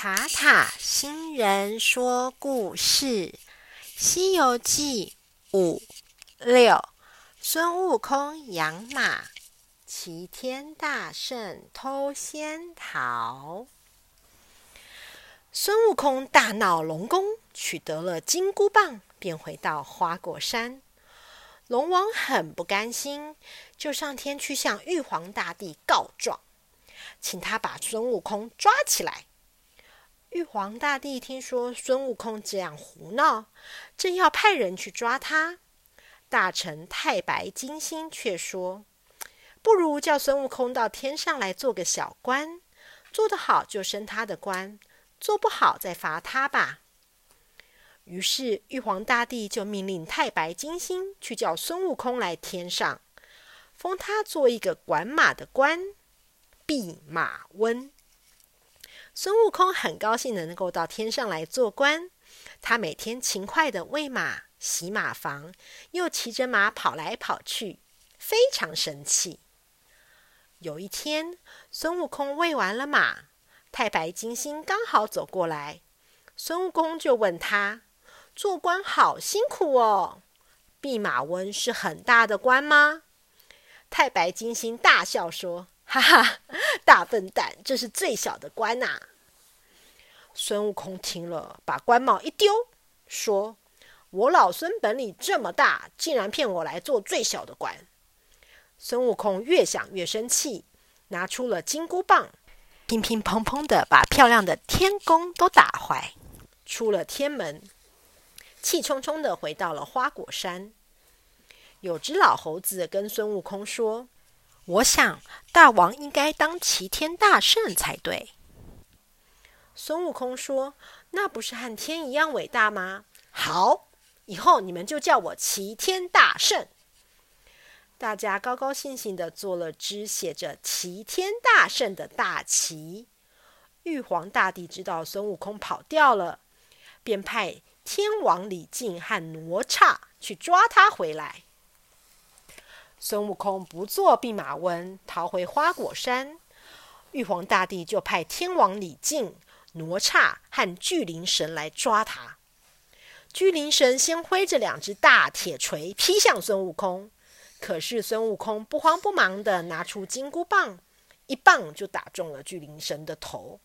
塔塔新人說故事：《西遊記》五六，孫悟空養馬，齊天大聖偷仙桃。孫悟空大鬧龍宮，取得了金箍棒，便回到花果山。龍王很不甘心，就上天去向玉皇大帝告狀，請他把孫悟空抓起來。玉皇大帝聽說孫悟空這樣胡鬧，正要派人去抓他，大臣太白金星卻說：“不如叫孫悟空到天上來做個小官，做得好就升他的官，做不好再罰他吧。”於是玉皇大帝就命令太白金星去叫孫悟空來天上，封他做一個管馬的官，弼馬溫。孫悟空很高興能夠到天上來做官，他每天勤快地餵馬、洗馬房，又騎着馬跑來跑去，非常神氣。有一天，孫悟空餵完了馬，太白金星剛好走過來，孫悟空就問他：“做官好辛苦哦，弼馬溫是很大的官嗎？”太白金星大笑說：“哈哈。”大笨蛋，這是最小的官吶啊！孫悟空聽了，把官帽一丟，說：“我老孫本領這麼大，竟然騙我來做最小的官！”孫悟空越想越生氣，拿出了金箍棒，乒乒乓乓的把漂亮的天宮都打壞，出了天門，氣冲冲的回到了花果山。有只老猴子跟孫悟空說：我想，大王應該當齊天大聖才對。孫悟空說：“那不是和天一樣偉大嗎？”好，以後你們就叫我齊天大聖。大家高高興興地做了支寫着“齊天大聖”的大旗。玉皇大帝知道孫悟空跑掉了，便派天王李靖和哪吒去抓他回來。孫悟空不做弼馬溫，逃回花果山。玉皇大帝就派天王李靖、哪吒和巨靈神來抓他。巨靈神先揮着兩隻大鐵錘劈向孫悟空，可是孫悟空不慌不忙地拿出金箍棒，一棒就打中了巨靈神的頭。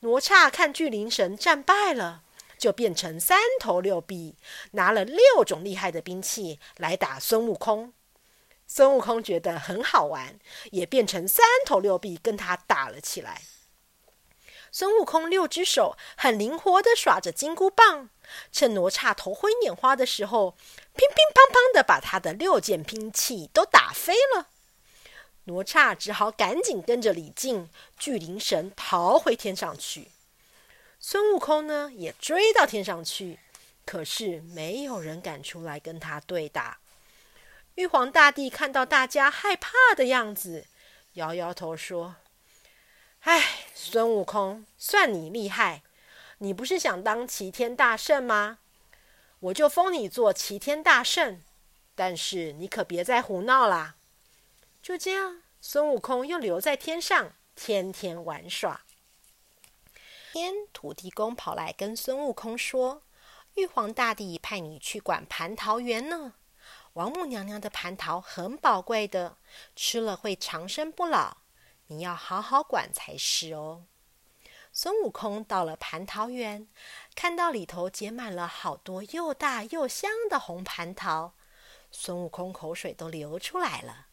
哪吒看巨靈神戰敗了，就變成三頭六臂，拿了六種厲害的兵器來打孫悟空。孫悟空覺得很好玩，也變成三頭六臂，跟他打了起來。孫悟空六隻手很靈活的耍着金箍棒，趁哪吒頭昏眼花的時候，乒乒乓乓的把他的六件兵器都打飛了。哪吒只好趕緊跟着李靖、巨靈神逃回天上去。孫悟空呢，也追到天上去，可是沒有人敢出來跟他對打。玉皇大帝看到大家害怕的樣子，搖搖頭說：“唉，孫悟空，算你厲害！你不是想當齊天大聖嗎？我就封你做齊天大聖，但是你可別再胡鬧了。”就這樣，孫悟空又留在天上，天天玩耍。天土地公跑來跟孫悟空說：“玉皇大帝派你去管蟠桃園呢。”王母娘娘的蟠桃很寶貴的，吃了會長生不老，你要好好管才是哦。孫悟空到了蟠桃園，看到裡頭結滿了好多又大又香的紅蟠桃，孫悟空口水都流出來了。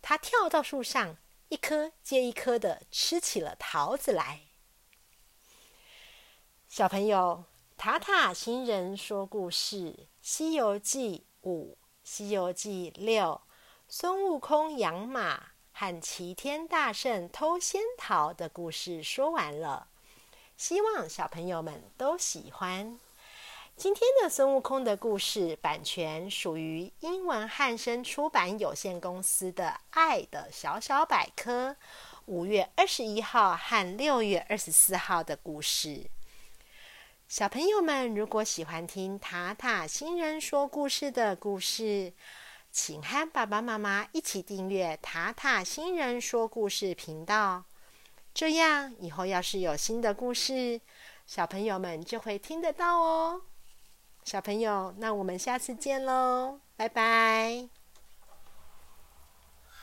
他跳到樹上，一顆接一顆的吃起了桃子來。小朋友，塔塔新人說故事《西遊記》五。《西遊記》六，孫悟空養馬和齊天大聖偷仙桃的故事說完了，希望小朋友們都喜歡。今天的孫悟空的故事版權屬於英文漢聲出版有限公司的《愛的小小百科》，五月二十一號和六月二十四號的故事。小朋友們，如果喜歡聽塔塔星人說故事的故事，請和爸爸媽媽一起訂閱塔塔星人說故事頻道。這樣以後要是有新的故事，小朋友們就會聽得到哦。小朋友，那我們下次見嘍，拜拜。